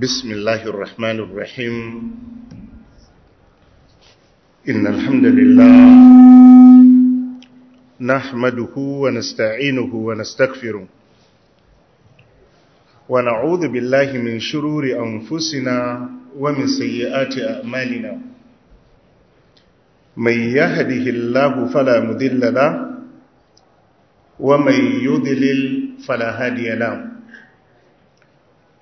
بسم الله الرحمن الرحيم إن الحمد لله نحمده ونستعينه ونستغفره ونعوذ بالله من شرور أنفسنا ومن سيئات أعمالنا من يهده الله فلا مذل له ومن يضلل فلا هادي له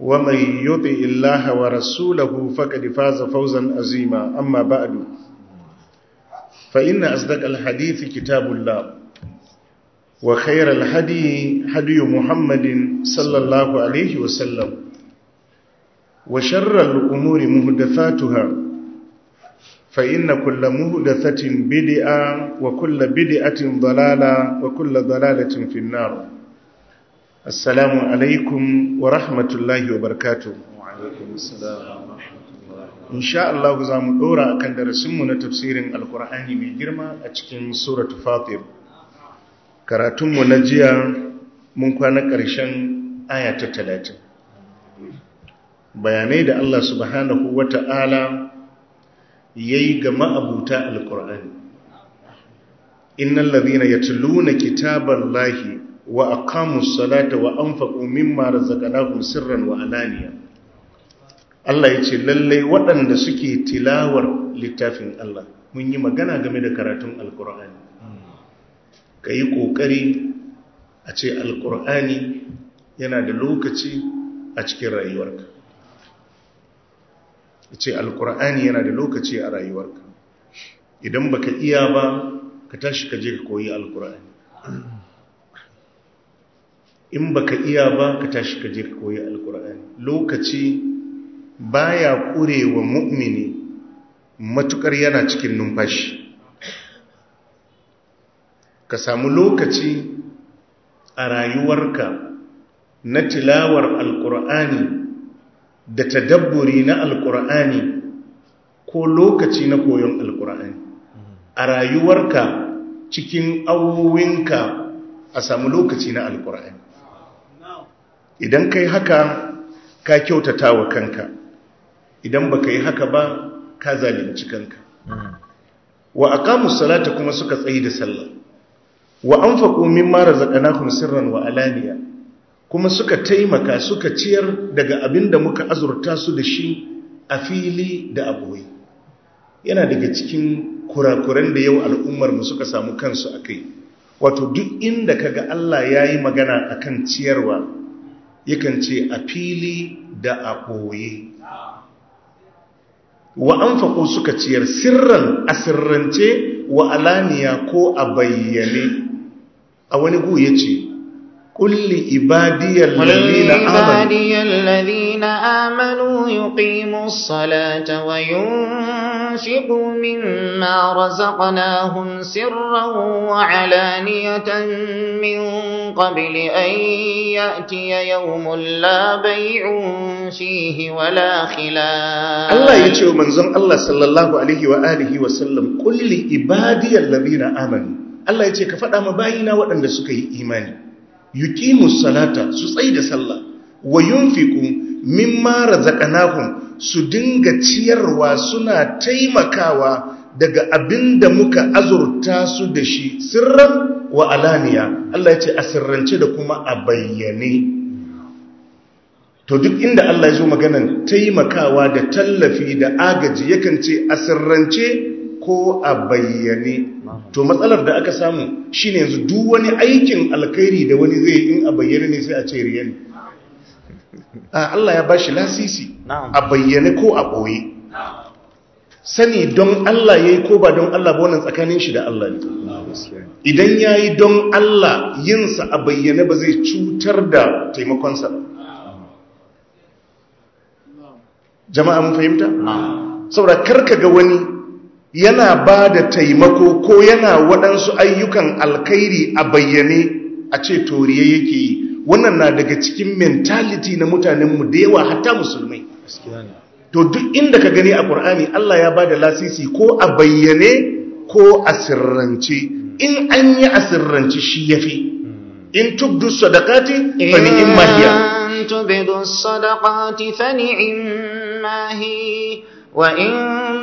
ومن يطع الله ورسوله فقد فاز فوزا عظيما أما بعد فإن أصدق الحديث كتاب الله وخير الهدي هدي محمد صلى الله عليه وسلم وشر الأمور مهدثاتها فإن كل مهدثة بدئة وكل بدئة ضلالة وكل ضلالة في النار assalamu alaikum wa rahmatullahi wa barkatu insha Allah za mu a akan darasinmu na tafsirin alkur'ani mai girma a cikin suratu fatir karatunmu na jiya mun kwana ƙarshen aya ta talatin bayanai da Allah subhanahu wa ta'ala ya yi ga ma'abuta alkur'ani innan lalina ya tulluna kitabar lahi wa aqamu salata wa anfaqu mimma razaqnahum sirran wa alaniya Allah yace lalle waɗanda suke tilawar littafin Allah mun yi magana game da karatun alqur'ani kai kokari a ce alqur'ani yana da lokaci a cikin rayuwarka ce alqur'ani yana da lokaci a rayuwarka idan baka iya ba ka tashi ka je ka koyi alqur'ani in baka iya ba ka tashi ka je ka koyi alkur'ani lokaci baya kurewa mu'mini matukar yana cikin numfashi ka samu lokaci a rayuwarka na tilawar alkur'ani da tadabburi na alkur'ani ko lokaci na koyon alkur'ani a rayuwarka cikin awowinka a samu lokaci na alkur'ani idan kai haka ka kyautata wa kanka idan ka yi haka ba ka zalunci kanka wa aqamus salata kuma suka tsayi da sallah wa anfaqu mimma razaqnahum sirran wa alaniya kuma suka taimaka suka ciyar daga abinda muka azurta su da shi a fili da aboyi yana daga cikin kurakuran da yau al'ummarmu suka samu kansu a kai. wato duk inda kaga Allah yayi magana akan ciyarwa yakan ce a fili da a ɓoye wa an faƙo suka ciyar sirran a sirrance wa alaniya ko a bayyane a wani gu ya ce kulli ibadiyar lalina amanu yuqimu salata wa وأنفقوا مما رزقناهم سرا وعلانية من قبل أن يأتي يوم لا بيع فيه ولا خلاف الله يتشو منزل الله صلى الله عليه وآله وسلم قل لعبادي الذين آمنوا الله يتشو كفتا مباينا وأن سكي إيماني يكيم الصلاة سسيد صلى وينفقوا مما رزقناهم su dinga ciyarwa suna taimakawa daga abin da muka azurta su da shi sirran wa alaniya Allah ya ce a sirrance da kuma a bayyane to duk inda Allah ya zo maganan taimakawa da tallafi da agaji yakan ce a sirrance ko a bayyane to matsalar da aka samu shine yanzu duk wani aikin alkhairi da wani zai in a bayyane ne sai a ce riyan Allah ya bashi lasisi a bayyane ko a ɓoye sani don Allah ya yi ko ba don Allah ba wannan tsakanin shi da Allah ne idan ya yi don Allah yinsa a bayyane ba zai cutar da taimakonsa jama'a mun fahimta? saboda karka ga wani yana ba da taimako ko yana waɗansu ayyukan alkairi a bayyane a ce toriye yake yi wannan na daga cikin mentality na mutanenmu da yawa hatta musulmai to duk inda ka gani a ƙur'ani Allah ya ba da lasisi ko a bayyane ko a sirrance in an yi a sirrance shi ya fi in tubdu sadakati fani in mahiya in tubdu sadakati fani in mahi wa in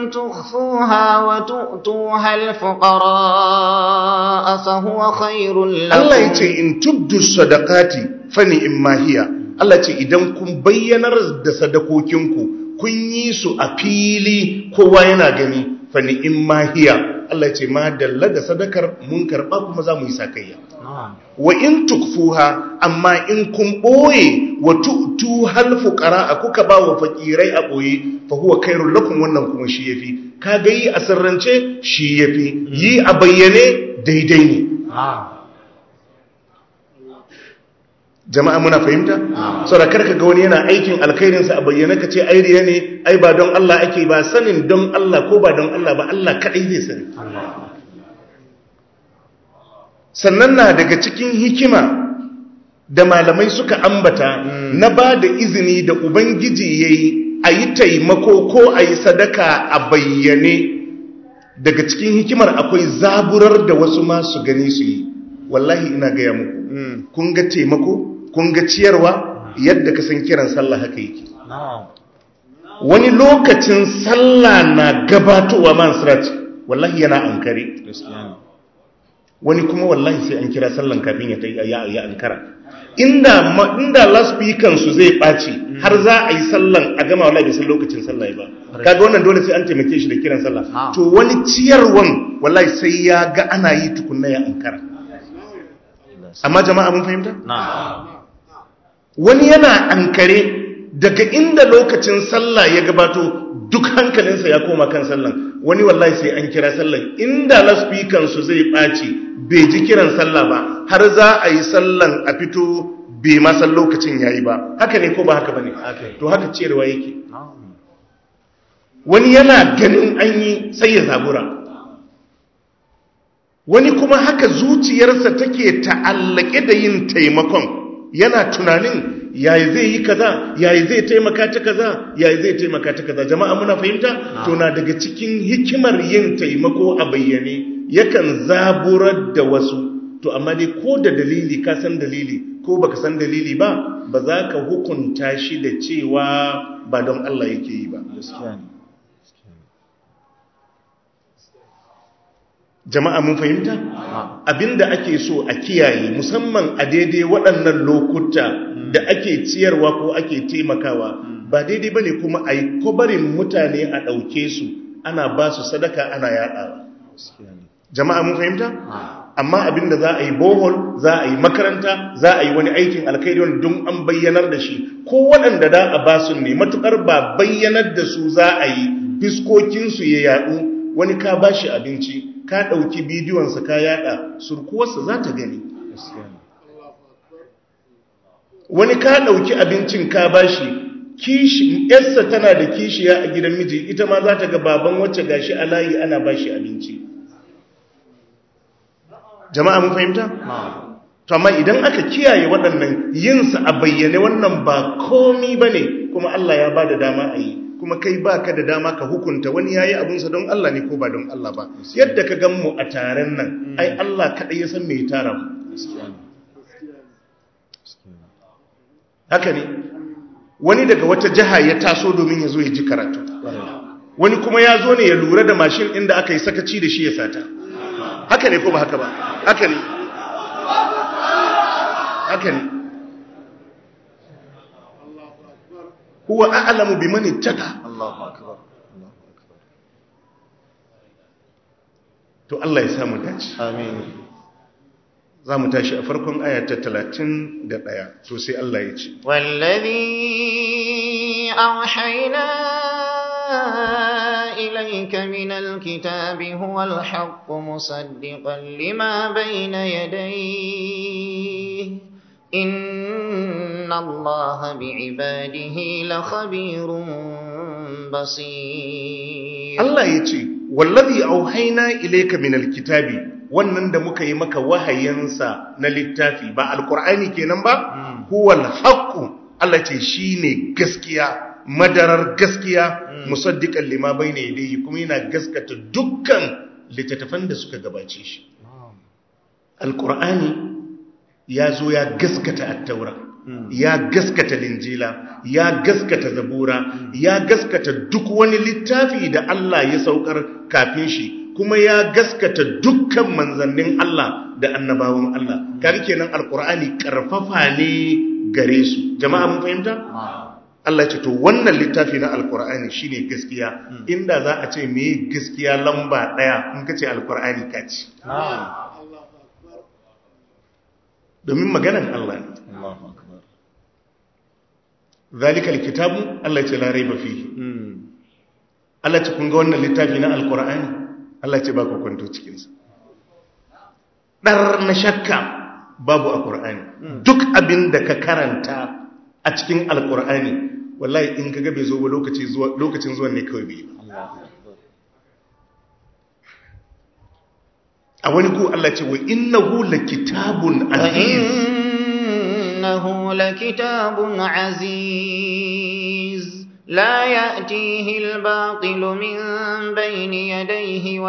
tukhfuha wa tu'tuha al-fuqara fa huwa khairul lakum Allah yace in tubdu sadakati fani in mahiya Allah ce idan kun bayyanar da sadakokinku kun yi su a fili kowa yana gani fa in mahiya Allah ce ma dalla da sadakar mun karɓa kuma za mu yi sakayya wa in tukfuha amma in kun ɓoye wa tu'tu hal a kuka ba wa fakirai a ɓoye, fa huwa khairul lakum wannan kuma shi yafi Ka yi a sirrance shi yafi yi a bayyane daidai ne jama'a muna fahimta saboda karka ga wani yana aikin alkhairin sa a bayyana kace ai riya ne ai ba don Allah ake ba sanin don Allah ko ba don Allah ba Allah kadai zai sani sannan na daga cikin hikima da malamai suka ambata hmm. na ba da izini da ubangiji ya yi a taimako ko ayi sadaka a bayyane daga cikin hikimar akwai zaburar da wasu masu gani su yi wallahi ina gaya muku hmm. kun ga taimako kun ga ciyarwa yadda ka san kiran sallah haka yake wani lokacin sallah na gabatowa man sirat wallahi yana ankare wani kuma wallahi sai an kira sallan kafin ya ankara inda inda su zai ɓaci har za a yi sallan a gama wallahi san lokacin sallah ba kaga wannan dole sai an taimake shi da kiran sallah to wani ciyarwan wallahi sai ya ga ana yi tukunna ya ankara amma jama'a mun fahimta na'am wani yana ankare daga inda lokacin sallah ya gabato duk hankalinsa ya koma kan sallan wani wallahi sai an kira sallan inda laspikansu zai ɓaci bai ji kiran sallah ba har za a yi sallan a fito bai masan lokacin ya yi ba haka ne ko ba haka bane to haka ciyarwa yake wani yana ganin an yi sai ya zabura wani kuma haka zuciyarsa take ta'allake da yin taimakon yana tunanin yayi zai yi kaza yayi zai taimaka ta kaza yayi zai taimaka ta kaza jama'a muna fahimta to na daga cikin hikimar yin taimako a bayyane yakan zaburar da wasu to amma dai ko da dalili ka san dalili ko baka san dalili ba ba za ka hukunta shi da cewa ba don Allah yake yi ba jama'a mun fahimta abinda ake so a kiyaye musamman a daidai waɗannan lokuta hmm. da ake ciyarwa ko ake taimakawa hmm. ba daidai bane kuma a yi kobarin mutane a ɗauke su ana ba su sadaka ana yaɗa. jama'a mun fahimta amma abinda za a yi bohol za a yi makaranta za a yi wani aikin alkhairi don an bayyanar da shi ko waɗanda da a basu ne matuƙar ba bayyanar da su za a yi biskokinsu ya yaɗu wani ka ba shi abinci ka ɗauki bidiyonsa ka yada surkuwarsa za ta gani wani ka ɗauki abincin ka bashi shi yarsa tana da kishiya a gidan miji ita ma za ta ga baban wacce gashi a layi ana bashi abinci jama'a mun fahimta? tamma idan aka kiyaye waɗannan yinsa a bayyane wannan ba komi ba ne kuma Allah ya ba da dama a yi kuma kai ba ka da dama ka hukunta wani ya yi abinsa don Allah ne ko ba don Allah ba yadda ka gan mu a taren nan mm. ai Allah kaɗai ya san mai tara mu haka ne wani daga wata jiha ya taso domin ya zo ya ji karatu wani kuma ya zo ne ya lura da mashin inda aka yi sakaci da shi ya sata haka ne ko ba haka ba haka ne haka ne هو أعلم بمن اتقى الله أكبر تو الله يسامو داش آمين زامو داش أفركم آية تتلاتين دات آية توسي الله يجي والذي أوحينا إليك من الكتاب هو الحق مصدقا لما بين يديه إن الله بعباده لخبير بصير الله يتي والذي أوحينا إليك من الكتاب wannan da muka yi maka wahayinsa na littafi ba alkur'ani kenan ba hmm. huwal haqqu Allah ce shine gaskiya madarar gaskiya hmm. musaddiqan lima bayna yadayhi kuma yana gaskata dukkan littattafan da suka gabace shi alkur'ani ya zo ya gaskata attaura hmm. ya gaskata linjila ya gaskata zabura ya gaskata duk wani littafi da Allah ya saukar kafin shi kuma ya gaskata dukkan manzannin Allah da annabawan Allah hmm. kaga kenan alqur'ani karfafa ne gare su jama'a mun fahimta ah. Allah ce to wannan littafi na alqur'ani shine gaskiya hmm. inda za a ce me gaskiya lamba daya in kace alqur'ani kaci ah. domin maganan Allah ne zalika alkitabu Allah ce la raiba fi. Allah ce kun ga wannan littafi na al alqur'ani Allah ce ba ku kwanto cikin sa dar na shakka babu a qur'ani duk abin da ka karanta a cikin al alqur'ani wallahi in kaga bai zo ba lokaci zuwa lokacin zuwan ne kawai bai ba A wani gugu Allah ce wai in na hula kitabun aziz. A inna hula kitabun aziz la ya' titi ba tilo min, bai ni a da yahi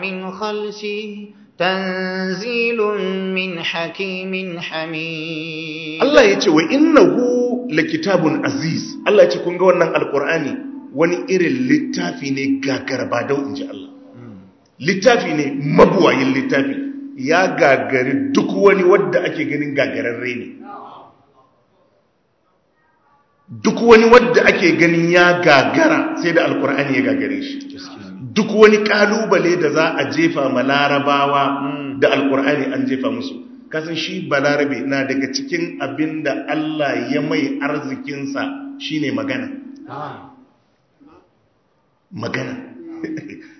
min karshe, tanzirin min haƙƙi min hamid. Allah ya ce wai in na hula kitabun aziz. Allah ya ce ko wannan Alƙur'ani, wani irin littafi ne ga Garba, daga yau in ji Allah. littafi ne mabuwayin littafi ya gagari duk wani wadda ake ganin gagararre ne duk wani wadda ake ganin ya gagara sai da alkur'ani ya gagare shi duk wani kalubale da za a jefa ma larabawa da alkur'ani an jefa musu kasan shi balarabe na daga cikin abin da allah ya mai arzikinsa shine magana ah. magana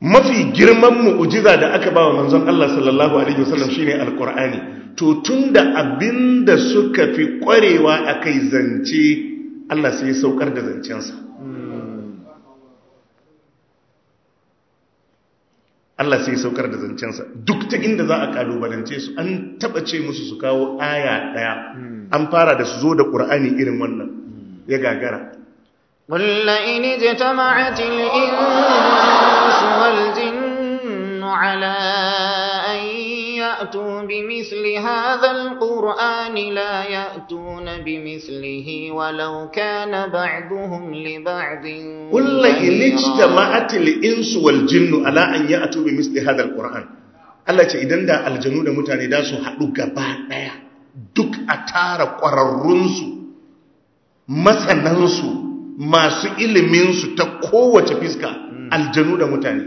mafi girman mu'ujiza da aka ba wa manzon Allah sallallahu alaihi wasallam shine alqur'ani to tunda abinda suka fi kwarewa akai zance Allah sai ya saukar da zancensa Allah sai ya saukar da zancensa duk ta inda za a kalubalance su an taba ce musu su kawo aya daya an fara da su zo da qur'ani irin wannan ya gagara wallahi ni jama'atil insa أيسها الجن على أن يأتوا بمثل هذا القرآن لا يأتون بمثله ولو كان بعضهم لبعض قل إن اجتمعت الإنس والجن على أن يأتوا بمثل هذا القرآن Allah ce idan da aljanu da mutane da su haɗu gaba ɗaya duk a tara ƙwararrunsu masanansu masu iliminsu ta kowace fiska aljanu da mutane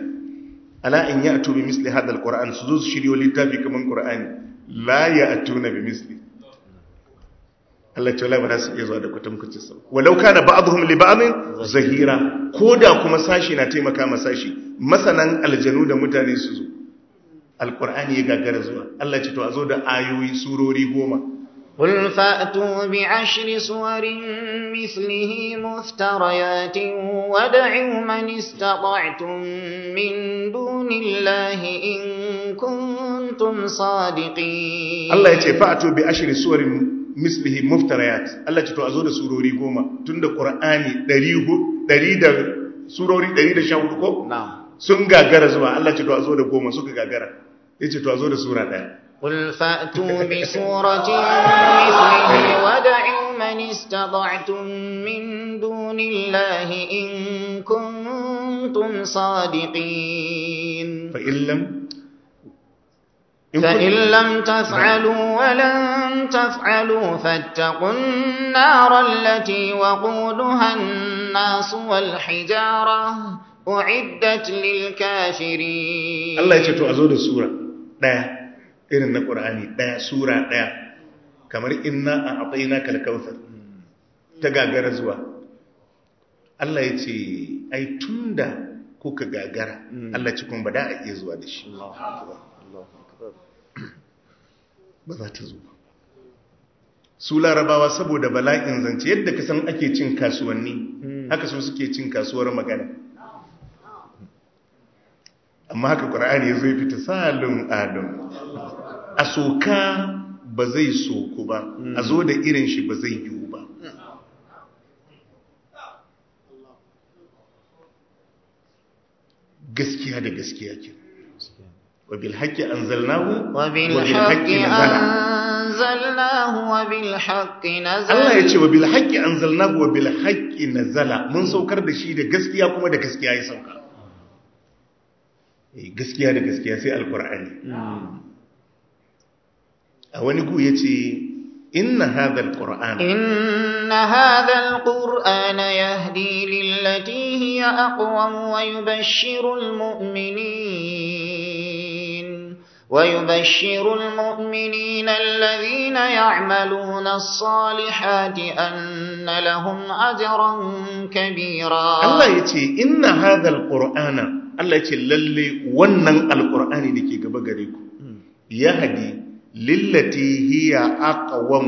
ala in ya atu bi misli hadal qur'an su zo su shiryo littafi kaman qur'ani la ya na bi misli Allah ta wallahi ba su iya zuwa da kwatankwacin sa walau kana ba'dhum li ba'dhin zahira koda kuma sashi na taimaka ma sashi masanan aljanu da mutane su zo alqur'ani ya gagara zuwa Allah ce to a zo da ayoyi surori goma قل فأتوا بعشر صور مثله مفتريات وادعوا من استطعتم من دون الله إن كنتم صادقين الله يتي فأتوا بعشر صور مثله مفتريات الله يتي تؤذون سوروري قوما تند قرآني دريه دريد سوروري دريد شاولكو نعم sun gagara الله Allah ce قوما a zo da goma سورة gagara قل فأتوا بسورة مثله ودعوا من استطعتم من دون الله إن كنتم صادقين فإن لم فإن لم تفعلوا ولن تفعلوا فاتقوا النار التي وقودها الناس والحجارة أعدت للكافرين الله يتوى السورة ده irin na ƙur'ani ɗaya sura ɗaya kamar inna a atsayina kalkautar ta gagara zuwa Allah ya ce ai tun da kuka gagara hmm. Allah cikin ba da a iya zuwa da shi ba za ta zuwa su larabawa saboda bala'in zance yadda kasan ake cin kasuwanni hmm. haka su suke cin kasuwar magana amma haka ƙura'ani ya fita salin adam a soka ba zai soku ba hmm. a zo da irin shi ba zai yiwu ba gaskiya da gaskiya ke wabil haƙƙi an zalnahu wabil haƙƙi nazala Allah ya ce wabil haƙƙi an zalnahu wabil haƙƙi nazala mun saukar da shi da gaskiya kuma da gaskiya ya sauka eh, gaskiya da gaskiya sai alkur'ani hmm. a wani gu ya ce inna hadha alquran inna hadha alquran yahdi lillati hiya aqwam wa yubashshiru almu'minin wa yubashshiru almu'minina alladhina ya'maluna as-salihati anna lahun ajaran kabira Allah yace inna hadha alqur'ana Allah ce lalle wannan da ke gaba gare ku yahdi lillati hiya aqwam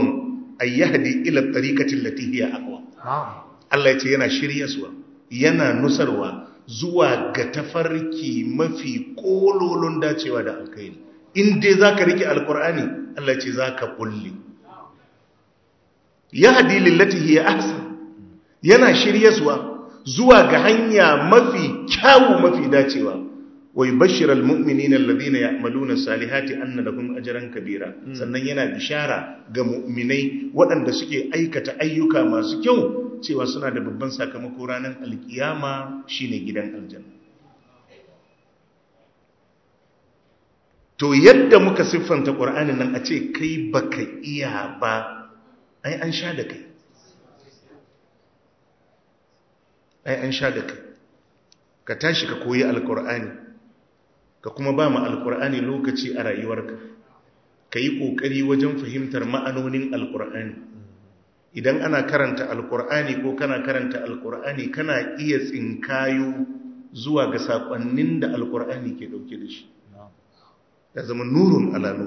ay yahdi ila tariqati allati hiya aqwam Allah yace yana suwa, yana nusarwa zuwa ga tafarki mafi kololon dacewa da alkhairi in dai zaka rike alqur'ani Allah yace zaka kulli yahdi lillati hiya ahsan yana shiryasuwa zuwa ga hanya mafi kyawu mafi dacewa wa yubashshiral mu'minina alladhina ya'maluna salihati anna lahum ajaran kabira hmm. sannan yana bishara ga mu'minai waɗanda suke aikata ayyuka masu kyau cewa suna da babban sakamako ranar alkiyama shine gidan aljanna to yadda muka siffanta ƙur'anin nan a ce kai baka iya ba ai an sha da kai ai an sha da kai ka tashi ka koyi alƙur'ani ka kuma ba mu alkur'ani lokaci a rayuwarka ka yi ƙoƙari wajen fahimtar ma'anonin alkur'ani idan ana karanta alkur'ani ko kana karanta alkur'ani kana iya tsinkayo zuwa ga saƙonnin da alkur'ani ke ɗauke da shi ya zama nurun alalu.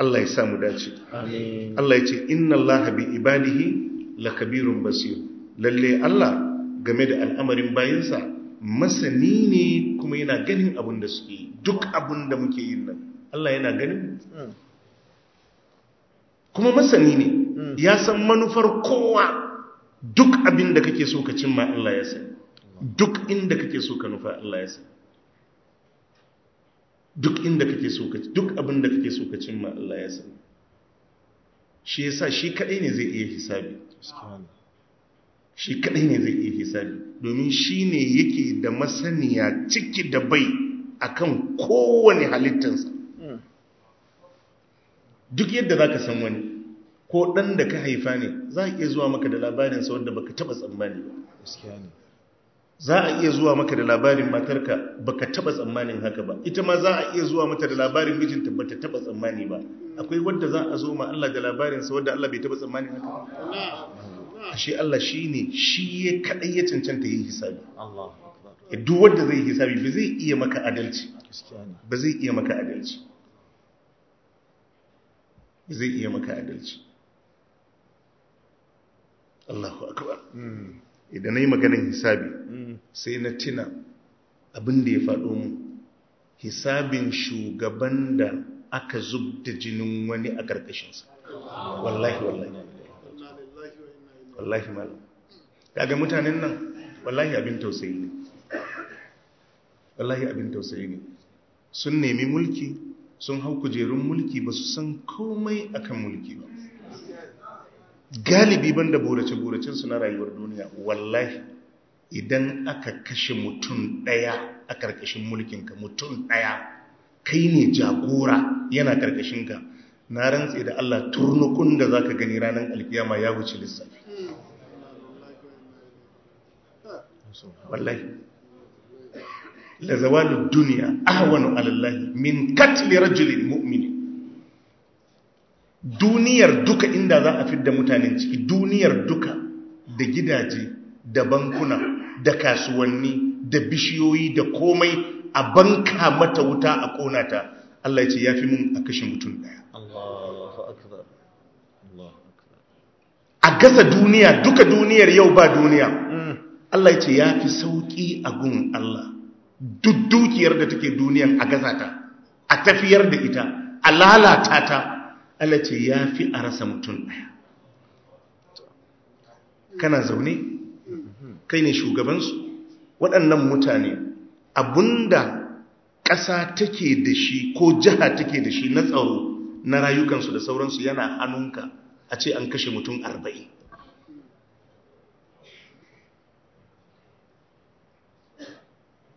Allah ya samu dace Allah ya ce inna Allah bi ibadihi la kabirun basir lalle Allah game da al'amarin bayinsa masani ne kuma yana ganin abin da suke duk abin da muke yin nan Allah yana ganin hmm. kuma masani ne hmm. ya san manufar kowa duk abin da kake so ka cimma Allah ya sani duk inda kake so ka nufa Allah ya sani duk inda kake so ka duk abin da kake so ka cimma Allah ya sani shi yasa shi kadai ne zai iya hisabi shi kadai ne zai iya hisabi domin shi ne yake da masaniya ciki da bai a kan kowane halittarsa hmm. duk yadda za ka san wani ko ɗan da ka haifa ne za a iya zuwa maka da labarinsa wadda baka taɓa tsammani ba za a iya zuwa maka da labarin matarka baka taba tsammanin haka ba ita ma za a iya zuwa mata da labarin mijinta bata taba tsammani ba akwai wadda za a zo ma Allah da labarin sa wadda Allah bai taba tsammanin haka ba hmm. ashe Allah shi ne shi ya kadai ya cancanta yin hisabi duk wanda zai hisabi ba zai iya maka adalci ba zai iya maka adalci ba zai iya maka adalci Allahu akbar hmm. idan yi maganar hisabi hmm. sai na tina abin da ya faɗo mu hisabin shugaban da aka zub da jinin wani a ƙarƙashinsa wallahi wallahi wallahi malam kaga mutanen nan wallahi abin tausayi ne wallahi abin tausayi ne sun nemi mulki sun hau kujerun mulki ba su san komai akan mulki ba galibi banda burace-buracensu su na rayuwar duniya wallahi idan aka kashe mutum ɗaya a karkashin mulkinka mutum ɗaya kai ne jagora yana karkashinka na rantse da Allah turnukun da za ka gani ranar alkiyama ya wuce lissafi duniya ahwanu duniyar duka inda za a fidda mutanen ciki duniyar duka da gidaje da bankuna da kasuwanni da bishiyoyi da komai a banka mata wuta a konata ta Allah ya ce yafi mun a kashe mutum daya a gasa duniya duka duniyar yau ba duniya Allah ce ya fi sauƙi a gun Allah duk dukiyar da take duniyan a gaza ta a tafiyar da ita a lalata ta Allah ce ya fi a rasa mutum ɗaya kana zaune kai ne shugabansu waɗannan mutane abinda ƙasa take da shi ko jiha take da shi na tsaro na rayukansu da sauransu yana hannunka a ce an kashe mutum arba'in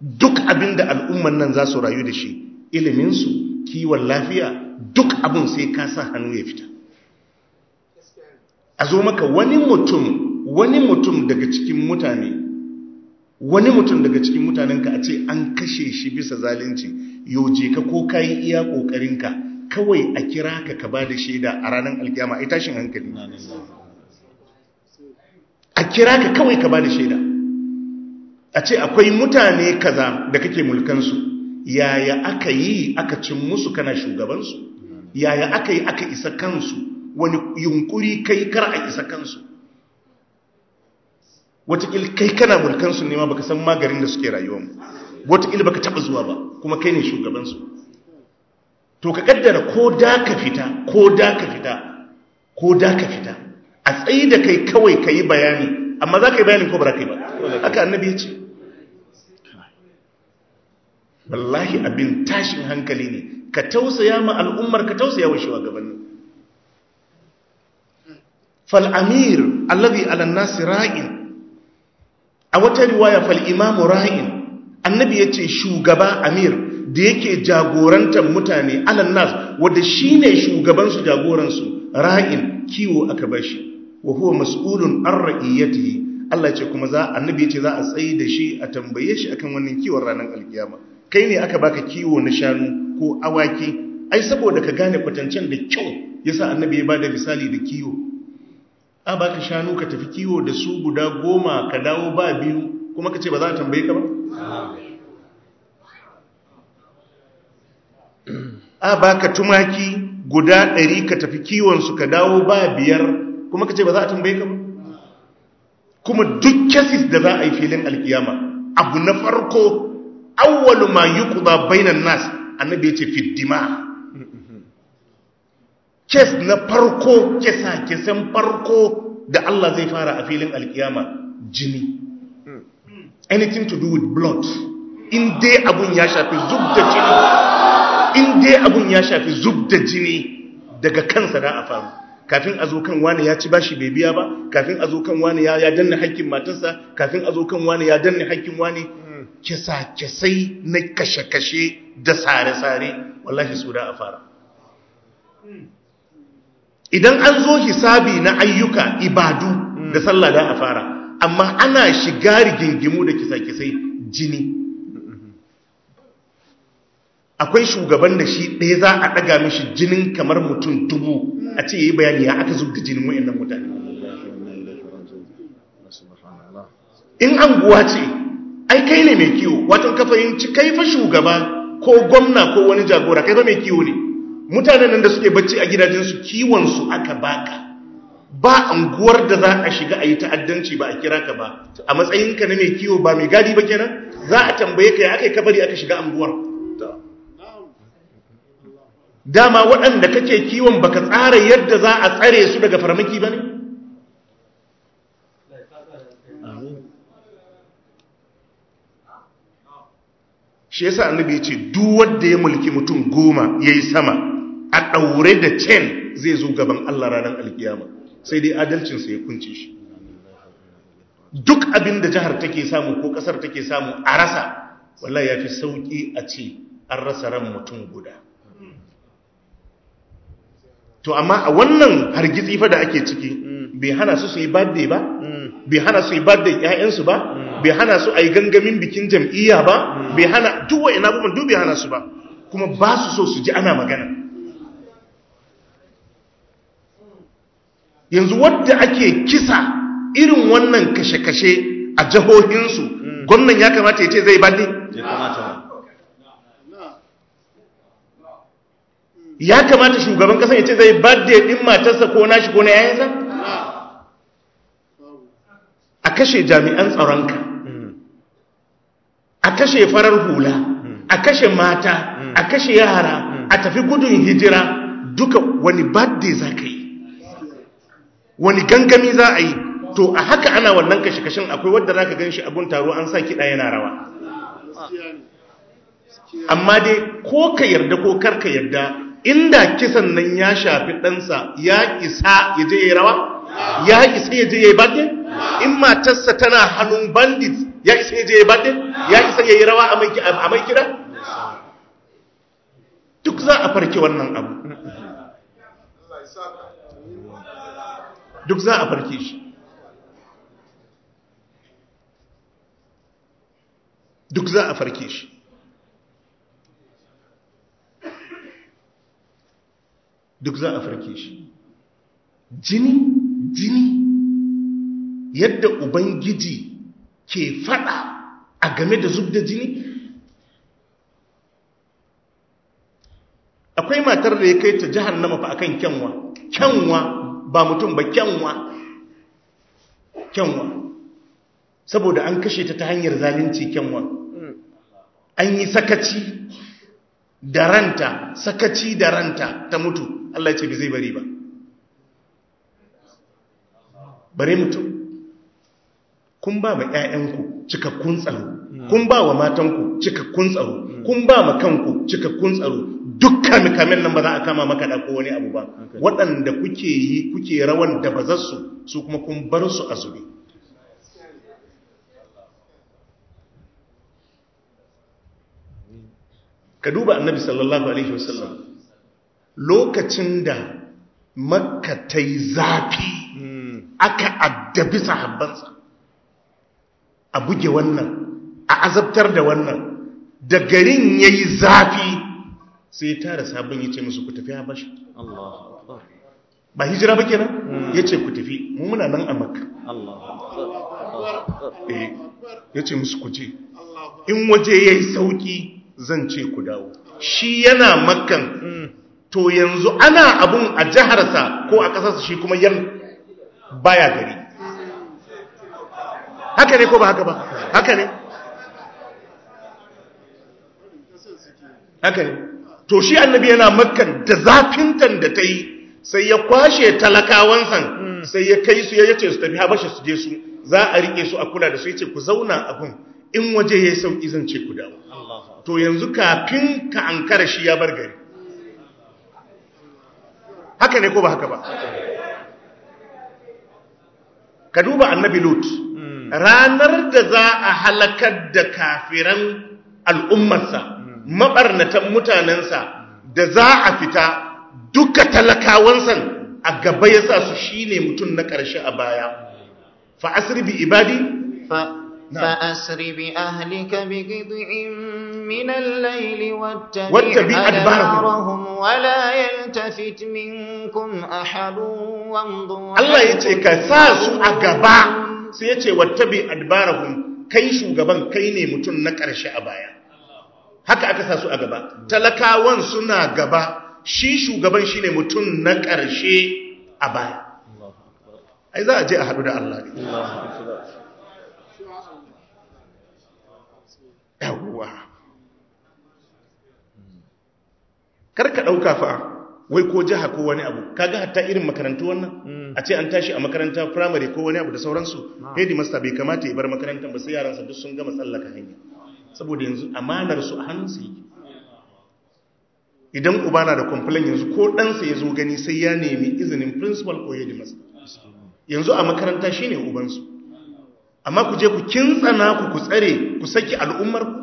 duk abin da al'umman nan za su rayu da shi iliminsu kiwon lafiya duk abin sai ka sa hannu ya fita a zo maka wani mutum wani mutum daga cikin mutane wani mutum daga cikin mutanenka a ce an kashe shi bisa zalunci yau je ka ko ka yi iya ƙoƙarinka kawai a kira ka ka ba da shaida a ranar alkiyama a tashin hankali a kira ka kawai ka ba da shaida a ce akwai mutane kaza da kake mulkansu yaya aka yi aka cin musu kana shugabansu yaya aka yi aka isa kansu wani yunkuri kai kar a isa kansu watakil kai kana mulkansu ne ma baka san magarin da suke rayuwa watakil baka taba zuwa ba kuma kai ne shugabansu to ka kaddara ko da ka fita ko da ka fita ko da ka fita a tsayi da kai kawai ka yi bayani amma za ka yi bayanin ko ba za ka yi ba haka annabi ya ce wallahi abin tashin hankali ne ka tausaya ma al'ummar ka tausaya wa shugabanni fal amir alladhi ala nas ra'in a wata riwaya fal imam ra'in annabi yace shugaba amir da yake jagorantar mutane ala nas wanda shine shugaban su jagoran su ra'in kiwo aka bashi wa huwa mas'ulun an ra'iyatihi Allah ce kuma za annabi ce za a tsayi da shi a tambaye shi akan wannan kiwon ranar alkiyama kai ne aka baka kiwo na shanu ko awaki ai saboda ka gane kwatancen da kyau yasa annabi ya bada misali da kiwo a baka shanu ka tafi kiwo da su guda goma ka dawo ba biyu kuma ka ce ba za a tambaye ka ba a baka tumaki guda ɗari ka tafi kiwonsu ka dawo ba biyar kuma ka ce ba za a tambaye ka ba kuma duk cases da za a yi filin alkiyama abu na farko awwalu ma yuqda bainan nas annabi yace fi dima kes na farko kesa kesan farko da Allah zai fara a filin alkiyama jini anything to do with blood in dai abun ya shafi zub da jini in dai abun ya shafi zub da jini daga kansa da a faru kafin a zo kan wani ya ci bashi bai biya ba kafin a zo kan wani ya danna haƙƙin matarsa kafin a zo kan wani ya danna haƙƙin wani kisa-kisai na kashe-kashe da sare-sare wallahi su da a fara idan an zo hisabi na ayyuka ibadu da sallah da a fara amma ana shiga rigingimu da kisa-kisai jini akwai shugaban da shi ɗaya za a ɗaga mishi jinin kamar mutum dubu a ce yi bayani ya aka zubta jinin wa'in mutane in anguwa ce ai kai ne mai kiwo wato ka fahimci kai fa shugaba ko gwamna ko wani jagora kai fa mai kiwo ne mutanen nan da suke bacci a gidajensu su aka baka ba anguwar da za a shiga a yi ta'addanci ba a kira ka ba a ka na mai kiwo ba mai gadi ba kenan za a tambaye ka ya aka yi kabari aka shiga anguwar dama waɗanda kake kiwon baka tsara yadda za a tsare su daga farmaki ba shi yasa annabi ce duk wanda ya mulki mutum goma yayi sama a daure da chain zai zo gaban Allah ranar alkiyama sai dai adalcin sa ya kunce shi duk abin da jihar take samu ko kasar take samu a rasa wallahi yafi sauki a ce an rasa ran mutum guda to amma a wannan hargitsi fa da ake ciki mm. bai hana su su yi birthday ba mm. bai hana su yi birthday ƴaƴansu ba mm. bai hana su ayi gangamin bikin jam'iyya ba bai hana duk wa'ina abubuwan duk bai hana su ba kuma ba su so su ji ana magana yanzu wadda ake kisa irin wannan kashe-kashe a jahohinsu gwamnan ya kamata ya ce zai bade? ya kamata ya kamata shugaban kasan ya ce zai birthday din matarsa ko nashi ko na yayansa a kashe jami'an tsaronka a kashe farar hula a kashe mata a kashe yara a tafi gudun hijira duka wani birthday za ka yi wani gangami za a yi to a haka ana wannan kashe-kashen akwai wadda za ka gan shi abun taro an sa kiɗa yana rawa amma dai ko ka yarda ko kar ka yarda inda kisan nan ya shafi ɗansa ya isa ya je ya rawa ya isa ya je ya yi baɗe in matarsa tana hannun bandit ya isa ya je ya baɗe ya isa ya yi rawa a mai kira duk za a farke wannan abu duk za a farke shi duk za a farke shi duk za a farke shi jini jini yadda ubangiji ke fada a game da zub da jini akwai matar da ya kai ta na mafi akan kyanwa kyanwa ba mutum ba kyanwa kyanwa saboda an kashe ta ta hanyar zalunci kyanwa an yi sakaci da ranta sakaci da ranta ta mutu Allah ya ce bai zai bari ba bare mutum kun ba ma 'ya'yanku cikakkun tsaro kun ba wa matanku cikakkun tsaro kun ba ma kanku cikakkun tsaro dukkan kamen nan ba za a kama maka da wani abu ba waɗanda kuke yi kuke rawan da bazarsu su kuma kun bar su a zube ka duba annabi sallallahu alaihi wasallam lokacin da makka ta yi zafi hmm. aka addabi sahabbansa a buge wannan a azabtar da wannan da garin ya yi zafi sai ya tara sabon ya ce musu ku tafi habashi ba hijira ba kenan hmm. ya ce ku tafi mu muna nan a makka eh, ya ce musu ku ce in waje ya yi sauki zan ce ku dawo shi yana makkan to yanzu ana abun a jiharsa ko a ƙasarsa shi kuma yan baya gari haka ne ko ba haka ba haka ne haka ne to shi annabi yana makkan da zafintan da ta yi sai ya kwashe talakawansan sai ya kai su ya ce su tafi habashi su je su za a riƙe su a kula da su ya ce ku zauna abin in waje ya yi sauƙi zan ce ku dawo to yanzu kafin ka ankara shi ya bar gari haka ne ko ba haka ba ka duba annabi lut hmm. ranar da za a halakar da kafiran al'ummarsa hmm. maɓarnatan mutanensa da za a fita duka talakawansa a gaba ya sa su shi ne mutum na ƙarshe a baya fa'asir ibadi? ahalika من الليل واتبع أدبارهم ولا يلتفت منكم أحد gaba الله يتي كساس أقبا سيتي واتبع أدبارهم kai shugaban kai ne mutum na ƙarshe a baya haka aka sa su a gaba talakawan suna gaba shi shugaban shine mutum na ƙarshe a baya za a je a haɗu da Allah kar ka ɗauka fa'a wai ko jiha ko wani abu kaga hatta irin makarantu wannan mm. a ce an tashi a makaranta firamare ko wani abu da sauransu hedi master bai kamata ya bar makarantar ba sai yaransa duk sun gama tsallaka hanya saboda yanzu amanar su a su yi. idan uba na da complain yanzu ko ɗansa ya zo gani sai ya nemi izinin principal ko master yanzu a makaranta shine ubansu amma ku je ku kintsana ku ku tsare ku saki al'ummar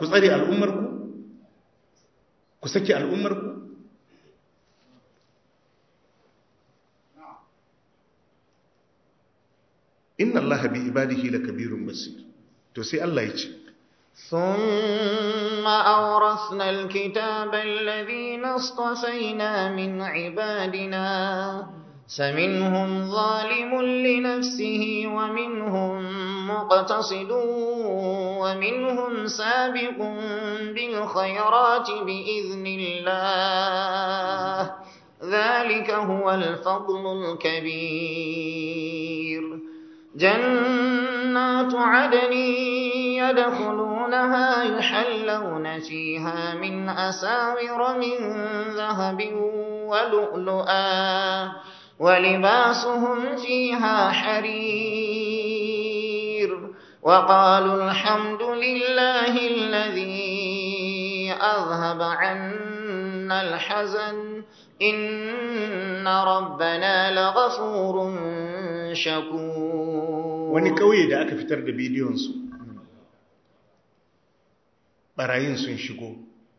كسري الأمرك كسكي الأمرك إن الله بإباده لكبير بصير تسي الله يجي ثم أورثنا الكتاب الذين اصطفينا من عبادنا فمنهم ظالم لنفسه ومنهم مقتصد ومنهم سابق بالخيرات بإذن الله ذلك هو الفضل الكبير جنات عدن يدخلونها يحلون فيها من أساور من ذهب ولؤلؤا ولباسهم فيها حرير وقالوا الحمد لله الذي أذهب عنا الحزن إن ربنا لغفور شكور wani kauye da aka fitar da bidiyonsu barayin sun shigo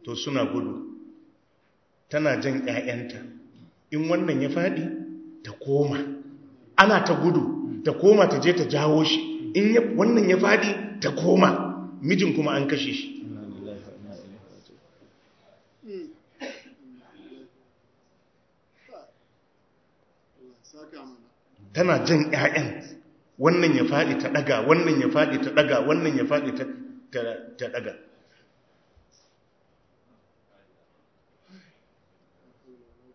to suna gudu tana jan 'ya'yanta in wannan ya faɗi ta koma ana ta gudu ta koma ta je ta jawo shi in wannan ya fadi ta koma mijin kuma an kashe shi tana jan 'ya'yan wannan ya faɗi ta ɗaga wannan ya faɗi ta ɗaga wannan ya faɗi ta ɗaga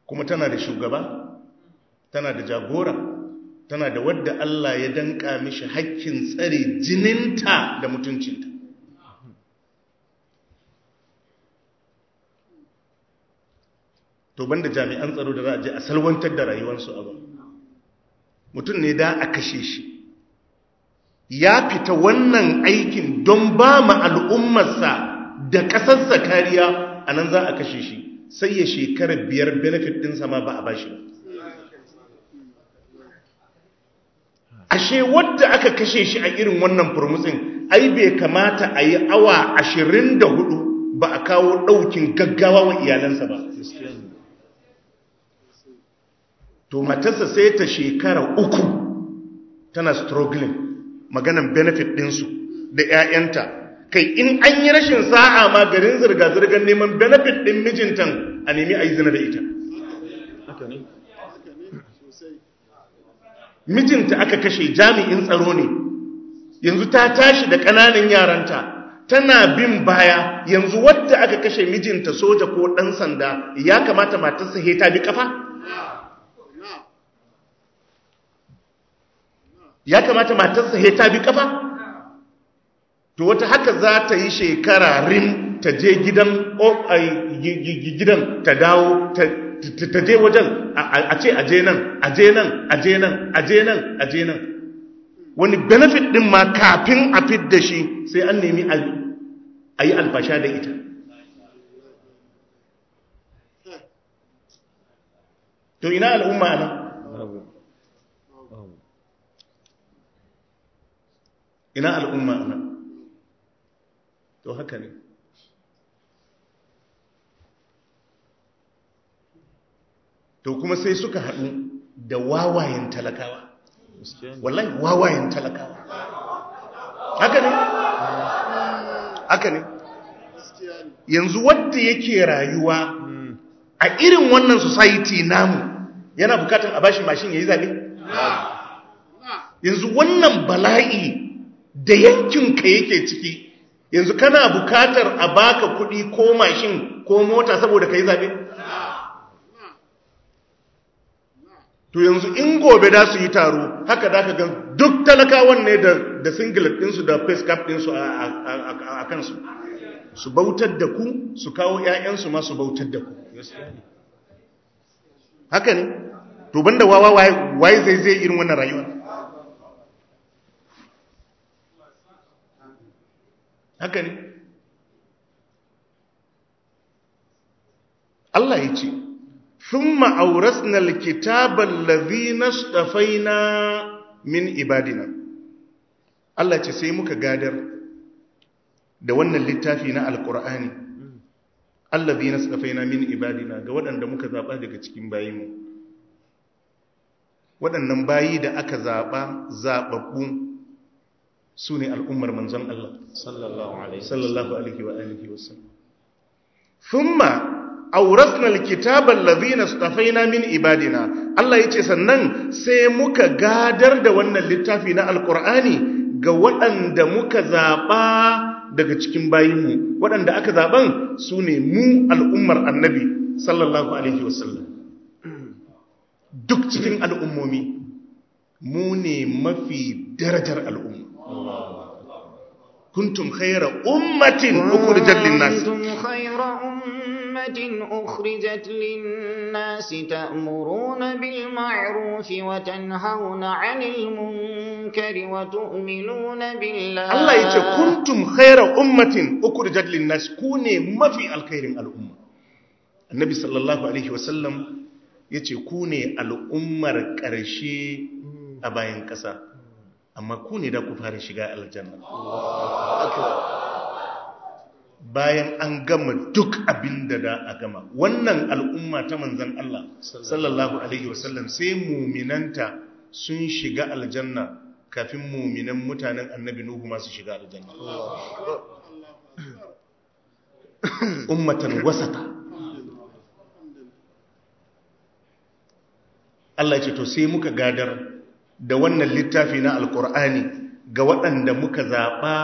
kuma tana da shugaba tana da jagora tana da wadda Allah ya danka mishi hakkin tsare jininta da mutuncinta to banda jami'an tsaro da za a je a salwantar da rayuwarsu abin mutum ne da a kashe shi ya fita wannan aikin don ba mu al'ummarsa da ƙasarsa kariya a nan za a kashe shi sai ya shekarar biyar benefit ɗinsa ma ba a bashi ba ashe wadda aka kashe shi a irin wannan furmutsin ai bai kamata a yi awa ashirin da hudu ba a kawo ɗaukin gaggawa wa iyalansa ba to matarsa sai ta shekara uku tana struggling maganan benefit ɗinsu da 'ya'yanta kai in an yi rashin sa'a ma garin zirga-zirgar neman benefit din mijintan a nemi a yi zina da ita mijinta aka kashe jami'in tsaro ne yanzu ta tashi da ƙananan yaranta tana bin baya yanzu wadda aka kashe mijinta soja ko ɗan sanda ya kamata matarsa he bi kafa ya kamata matarsa he bi kafa to wata haka za ta yi shekara rim ta je gidan gidan ta dawo ta je wajen a ce aje nan aje nan aje nan aje nan aje nan wani benefit din ma kafin a fit da shi sai an nemi a yi alfasha da ita to ina al'umma nan ina al'umma nan to haka ne to kuma sai suka haɗu da wawayen talakawa wallahi wawayen talakawa haka ne haka ne yanzu wadda yake rayuwa hmm. a irin wannan society namu yana bukatan a bashi mashin ya yi zaɓe yanzu wannan bala'i da yankinka yake ciki yanzu kana bukatar a baka kuɗi ko mashin ko mota saboda ka yi zaɓe to yanzu in gobe da su yi taro haka da ka gan duk talakawan ne da singlet ɗinsu da face cap ɗinsu a kansu su bautar da ku su kawo 'ya'yansu ma su bautar da ku haka ne to banda wawa waye zai zai irin wannan rayuwa? haka ne Allah ya ce ثم أورثنا الكتاب الذين اصطفينا min ibadina. Allah ce sai muka gadar da wannan littafi na alkur'ani alladhina astafaina min ibadina ga waɗanda muka zaba daga cikin bayinmu waɗannan bayi da aka zaba zababbu sune al'ummar manzon Allah sallallahu alaihi wa alihi wasallam thumma awrasna alkitaba allazina na min ibadina Allah yace sannan sai muka gadar da wannan littafi na alkur'ani ga waɗanda muka zaɓa daga cikin bayinmu waɗanda aka zaban sune mu al'ummar annabi sallallahu alaihi wasallam duk cikin al'ummomi mu ne mafi darajar al'umma kuntum khayra ummatin ukhrijat lin nas أمة أخرجت للناس تأمرون بالمعروف وتنهون عن المنكر وتؤمنون بالله الله يتي كنتم خير أمة أخرجت للناس كوني ما في الخير الأمة النبي صلى الله عليه وسلم يتي كوني الأمة كرشي أباين كسا أما كوني دا كفار شقاء الجنة الله أكبر bayan an gama duk abin da da a gama wannan al'umma ta manzan Allah sallallahu alaihi wasallam sai muminanta sun shiga aljanna kafin muminan mutanen annabi nuhu masu shiga aljanna ummatan wasata Allah ce to sai muka gadar da wannan littafi na alkur'ani ga waɗanda muka zaɓa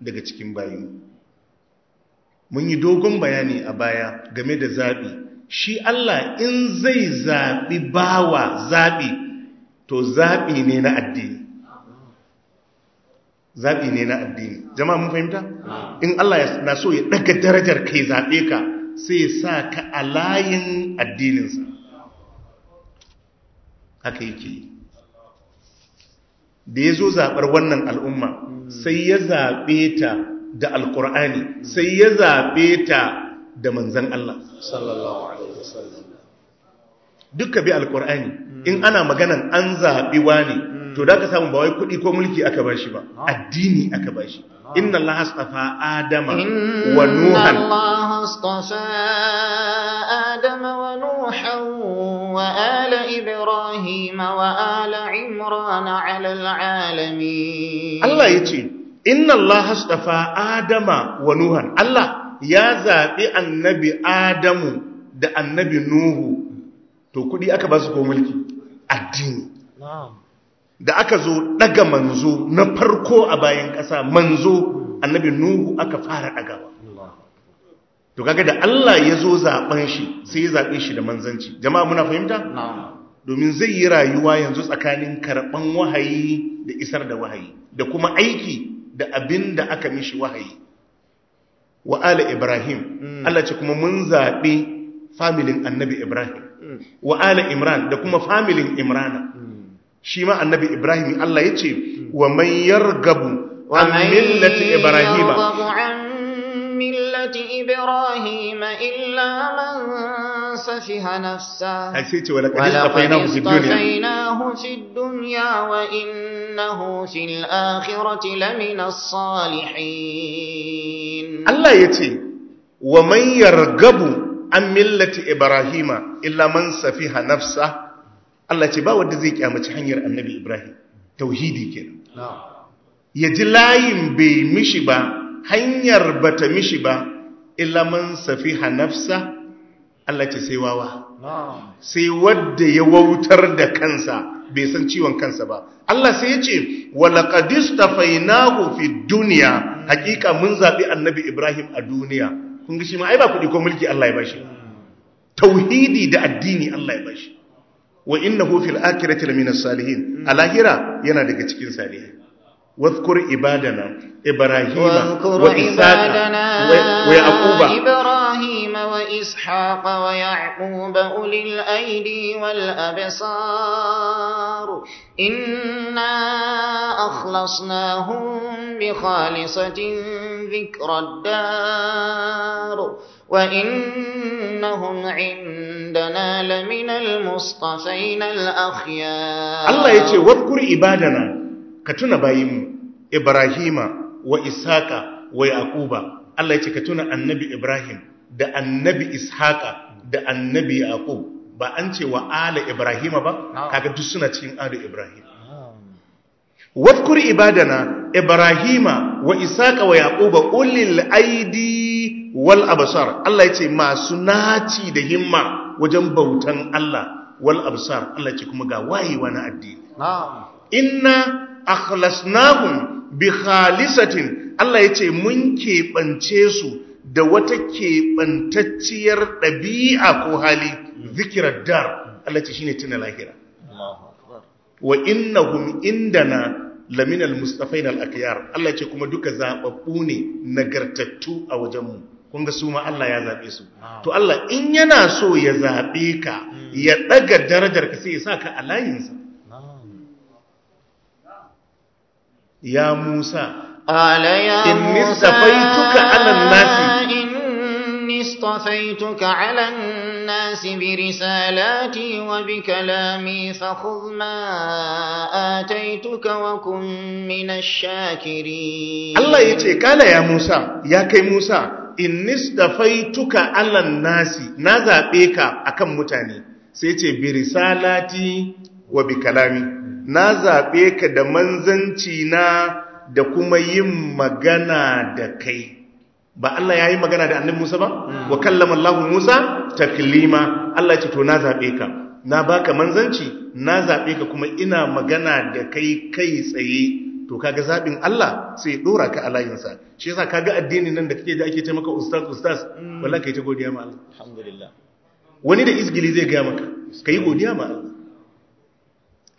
daga cikin bayu mun yi dogon bayani a baya game da zaɓi shi Allah in zai zaɓi bawa zaɓi to zaɓi ne na addini zaɓi ne na addini jama'a mun fahimta in Allah na so ya ɗaga darajar kai zaɓe ka sai ya sa ka a layin addininsa haka yake da ya zo zaɓar wannan al'umma mm. sai ya zaɓe ta da alkur'ani sai ya zaɓe ta da manzan Allah Sallallahu alaihi duka bi alkur'ani hmm. in ana maganan an zaɓi wani hmm. to da ka samu ba wai kuɗi ko mulki aka ba shi ba ah. addini aka ba shi ah. inna Allah astafa adama wa nuhan وآل إبراهيم وآل عمران على العالمين الله يتي inna Allah hasdafa Adama wa Nuhan Allah ya zaɓi annabi Adamu da annabi Nuhu to kuɗi aka ba su ko mulki addini da aka zo ɗaga manzo na farko a bayan ƙasa manzo annabi Nuhu aka fara ɗagawa to kaga da Allah ya zo zaɓen shi sai ya zaɓe shi da manzanci jama'a muna fahimta? domin zai yi rayuwa yanzu tsakanin karɓan wahayi da isar da wahayi da kuma aiki da abin da aka mishi wahayi wa ala ibrahim mm. Allah ce kuma mun zaɓi familin annabi ibrahim mm. wa ala imran da kuma familin imrana mm. shi ma annabi ibrahim Allah ya ce wa man yargabu an millati ibrahima مِلَّةِ إِبْرَاهِيمَ إِلَّا مَن سَفِهَ نَفْسَهُ وَلَقَدِ اصْطَفَيْنَاهُ فِي الدُّنْيَا وَإِنَّهُ فِي الْآخِرَةِ لَمِنَ الصَّالِحِينَ الله يتي ومن يرغب عن ملة إبراهيم إلا من سفيها نفسه الله يتي با wanda zai kiyamaci hanyar annabi Ibrahim tauhidi kenan ya ji layin bai mishi ba hanyar bata mishi ba illa man safiha nafsa Allah ce sai wawa sai wadda ya wautar da kansa bai san ciwon kansa ba Allah sai ya ce walaqad istafainahu fi dunya hakika mun zabi annabi Ibrahim a duniya kun ga ma ai ba kudi ko mulki Allah ya bashi tauhidi da addini Allah ya bashi wa innahu fil akhirati lamina salihin a lahira yana daga cikin salihin واذكر عبادنا إبراهيم وإسحاق ويعقوب إبراهيم وإسحاق ويعقوب أولي الأيدي والأبصار إنا أخلصناهم بخالصة ذكر الدار وإنهم عندنا لمن المصطفين الأخيار الله يقول واذكر عبادنا ka tuna bayinmu ibrahima wa ishaqa wa yaquba Allah ya ce ka tuna annabi ibrahim da annabi ishaqa da annabi yaqub ba an ce wa ala ibrahima ba kaga duk suna cikin ala ibrahim wadkur ibadana ibrahima wa ishaqa wa yaquba ulil aidi wal absar Allah yace masu naci da himma wajen bautan Allah wal absar Allah yace kuma ga wayewa na addini na'am inna akhlasnahum bi khalisatin Allah yace mun keɓance su da wata keɓantacciyar ɗabi'a ko hali zikirar dar Allah ce shine tuna lahira wa innahum indana laminal almustafain al Allah ce kuma duka zababbu ne nagartattu a wajenmu kun ga su ma Allah ya zabe su to Allah in yana so ya zabe ka hmm. ya daga darajar ka sai ya saka a layinsa Yamusa. Kala ya musa, nasi. Birisa lati na shakiri. Allah ya ce kala ya Musa ya kai Musa innis da fai tuka allan nasi na zaɓe ka akan mutane. Sai ce birisa lati wa bikala mi. na zaɓe ka da manzanci na da kuma yin magana da kai ba Allah ya yi magana da annabi Musa ba mm. wa kallama Allah Musa kilima. Allah ce to na zaɓe ka na baka manzanci na zaɓe ka kuma ina magana da kai kai tsaye to ga zaɓin Allah sai dora ka alayinsa shi yasa ga addini nan da kake da ake ce maka ustaz ustaz mm. wallahi kai ta godiya ma wani da izgili zai ga maka kai godiya ma Allah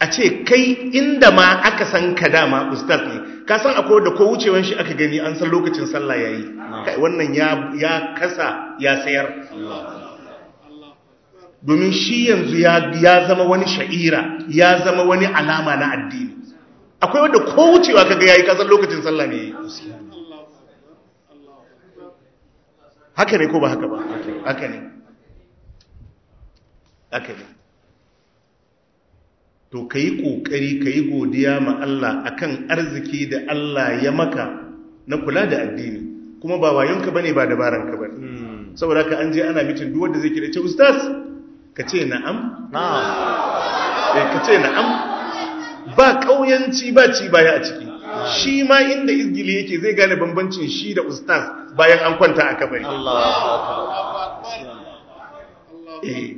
a ce kai inda ma aka san ka dama ustaz ne ka san akwai da ko wucewan shi aka gani an san lokacin sallah yayi kai wannan ya ya kasa ya sayar domin shi yanzu ya zama wani sha'ira ya zama wani alama na addini akwai wanda ko wucewa kaga yayi kasan lokacin sallah ne haka ne ko ba haka ba haka ne haka ne to ka yi ƙoƙari ka yi godiya ma Allah a kan arziki da Allah ya maka na kula da addini kuma ba wayonka ba ne ba dabaranka ba hmm. saboda ka an je ana mitin duk wanda zai kira ce ustaz ka ce na'am eh, ka ce na'am ba ƙauyanci ba ci baya a ciki shi ma inda izgili yake zai gane bambancin shi da ustaz bayan an kwanta a kabari eh.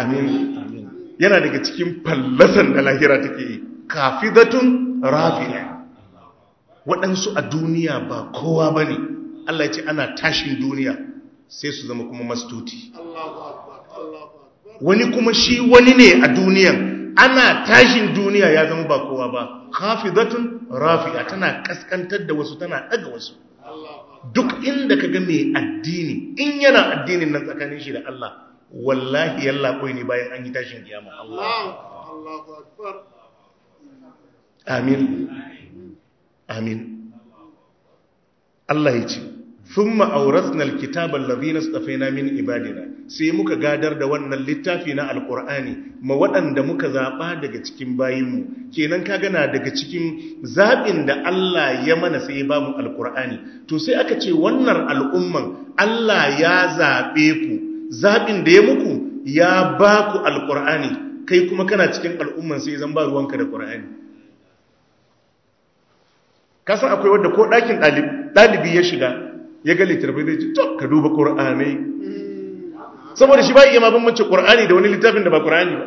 amin yana daga cikin fallasan da lahira take yi kafidatun rafi'a waɗansu a duniya ba kowa ba ne Allah ce ana tashin duniya sai su zama kuma mastuti wani kuma shi wani ne a duniyan ana tashin duniya ya zama ba kowa ba kafidatun rafi'a tana kaskantar da wasu tana ɗaga wasu duk inda ka ga mai addini in yana addinin nan tsakanin shi da Allah wallahi yalla koi ne bayan an yi tashin kiyama Allah amin amin Allah ya ce thumma awrasna alkitaba alladhina istafayna min ibadina sai muka gadar da wannan littafi na alqur'ani ma waɗanda muka zaɓa daga cikin bayinmu kenan ka gana daga cikin zaɓin da Allah ya mana sai ya bamu alqur'ani to sai aka ce wannan al'umman Allah ya zabe ku zaɓin da ya muku ya ba ku alƙur'ani kai kuma kana cikin al'umman sai zan ba ruwanka da ƙur'ani kasan akwai wadda ko ɗakin ɗalibi ya shiga ya ga littattafai zai ce to ka duba ƙur'anai saboda shi ba iya ma mace ƙur'ani da wani littafin da ba ƙur'ani ba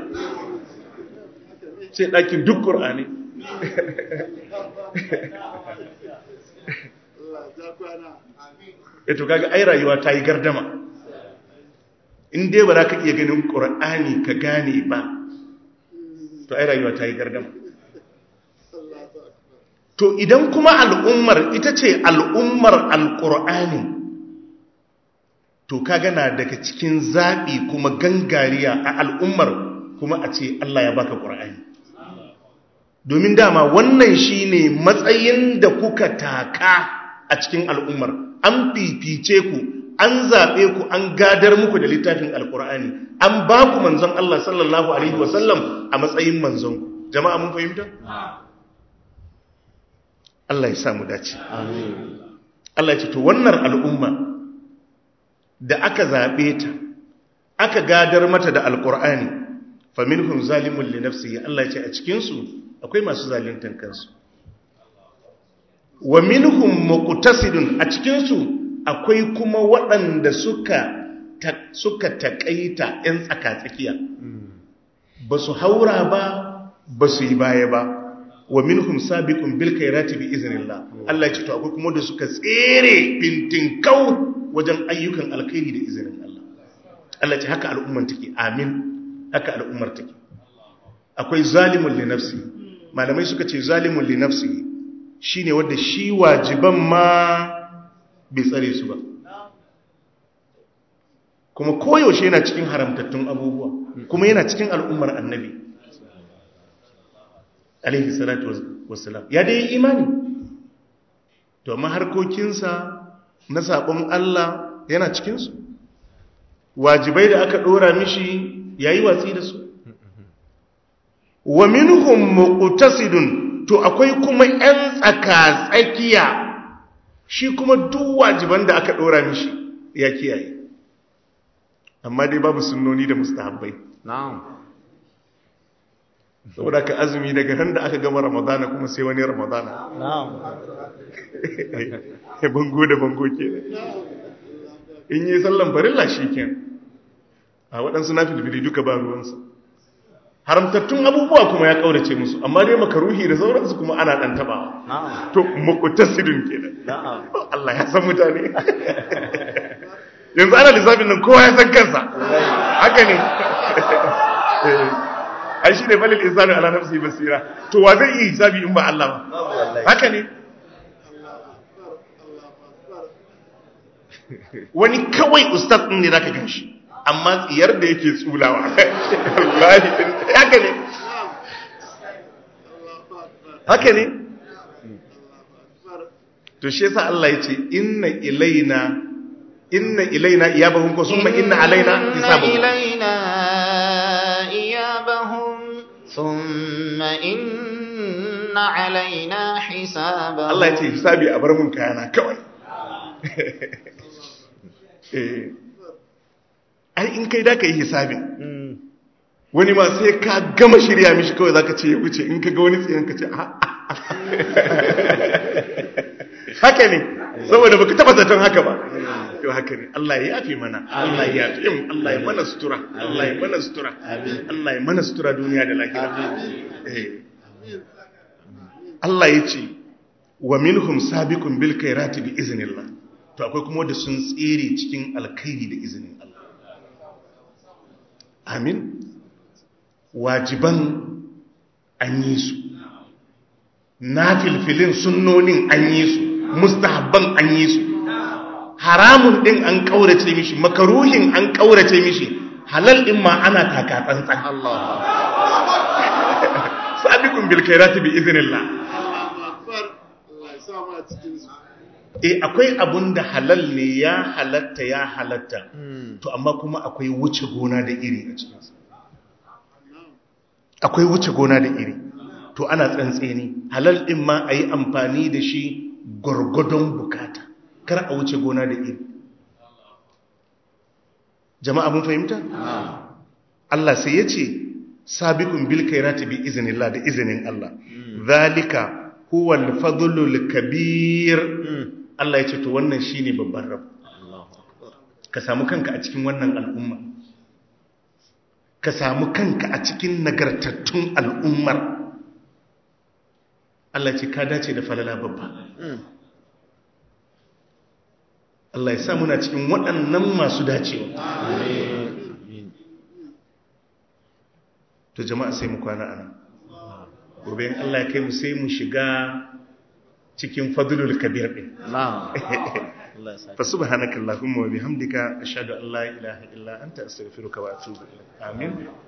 sai ɗakin duk ƙur'ani ya eh to kaga ai rayuwa ta yi gardama in dai ba za ka iya ganin ƙur'ani ka gane ba to ai rayuwa ta yi gargama to idan kuma al'ummar ita ce al'ummar al'ƙorani to ka gana daga cikin zaɓi kuma gangariya a al'ummar kuma a ce Allah ya baka ƙur'ani domin dama wannan shi ne matsayin da kuka taka a cikin al'ummar an fifice ku an zaɓe ku an gadar muku da littafin alkur'ani an ba ku manzon Allah sallallahu alaihi wasallam a matsayin manzon jama'a mun fahimta Allah ya samu dace Allah ya ce to wannan al'umma da aka zaɓe ta aka gadar mata da alkur'ani hun zalimun linafsi ya Allah ya ce a cikinsu akwai masu zaluntan kansu wa minhum muqtasidun a cikin su akwai kuma waɗanda suka ta, suka takaita ‘yan tsakiya ba su haura ba ba su yi baya ba wa minhum sabiqun bil khairati bi iznillah Allah ya ce to akwai kuma da suka tsere bintin kau wajen ayyukan alkhairi da izinin Allah Allah ce haka al'ummar take amin haka al'ummar take akwai zalimun li nafsi malamai suka ce zalimun li nafsi shine wanda shi wajiban ma bai tsare su ba kuma koyaushe yana cikin haramtattun abubuwa kuma yana cikin al'ummar annabi alaihi salatu wassalam ya dai imani to amma harkokinsa na sabon Allah yana cikinsu wajibai da aka ɗora mishi yayi watsi da su wa minhum muqtasidun to akwai kuma 'yan tsaka tsakiya shi kuma duk wajiban da aka dora mishi ya kiyaye amma dai babu sunnoni da mustahabbai na'am saboda ka azumi daga ran da aka gama ramadana kuma sai wani ramadana na'am ya bango da bango ke in yi sallan farilla shi ken a waɗansu na filifili duka ba ruwansa. haramtattun abubuwa kuma ya kaurace musu amma dai makaruhi da sauransu kuma ana dan tabawa to ke kenan Allah ya san mutane yanzu ana lissafin nan kowa ya san kansa haka ne ai shi ne balil insanu ala nafsi basira to wa zai yi hisabi in ba Allah ba haka ne wani kawai ustaz din ne zaka ganshi amma tsiyar da yake tsulawa wallahi haka ne haka ne to shi yasa Allah ya ce inna ilaina inna ilaina iyabahum ko summa inna alaina hisabahum ilaina iyabahum summa inna alaina hisabahum Allah ya ce hisabi a bar mun kayana kawai eh ai in kai da ka yi hisabin mm. wani ma sai ka gama shirya mishi kawai za ka ce ya wuce in ka ga wani tsayen ka ce ah, ah, ah. haka ne saboda baka taba zaton haka ba yau haka ne Allah ya yafi mana Allah ya yafi yin Allah ya mana sutura Allah ya mana sutura Allah ya mana sutura duniya da lahira eh. Allah ya ce wa minhum sabiqun bil khairati bi iznillah to akwai kuma wanda sun tsere cikin alkhairi da izinin Allah amin wajiban an yi su na filfilin sunnonin an yi su mustahabban an yi su haramun ɗin an ƙaurace mishi makaruhin an ƙaurace mishi halal ɗin ma ana taka tsantsan Allah sabiqun bil bi izinin Allah cikin su e akwai abun da halal ne ya halatta ya halatta hmm. to amma kuma akwai wuce gona da iri a cikinsa akwai wuce gona da iri to ana tsantseni halal din ma a yi amfani da shi gwargwadon bukata kar a wuce gona da iri jama'a mun fahimta? Allah sai ya ce sabikun ta bi izinillah da izinin Allah hmm. zalika huwa fadlul kabir hmm. Allah ya ce to wannan shi ne babban rabu. ka samu kanka a cikin wannan al'umma ka samu kanka a cikin nagartattun al'ummar Allah ce ka dace da falala babba mm. Allah ya samu na cikin waɗannan masu dacewa to jama'a sai mu kwana ana gobe Allah ya kai mu sai mu shiga cikin fadlul kabir din ta subhanakallahumma wa bihamdika ashhadu an la ilaha illa anta astaghfiruka wa atubu amin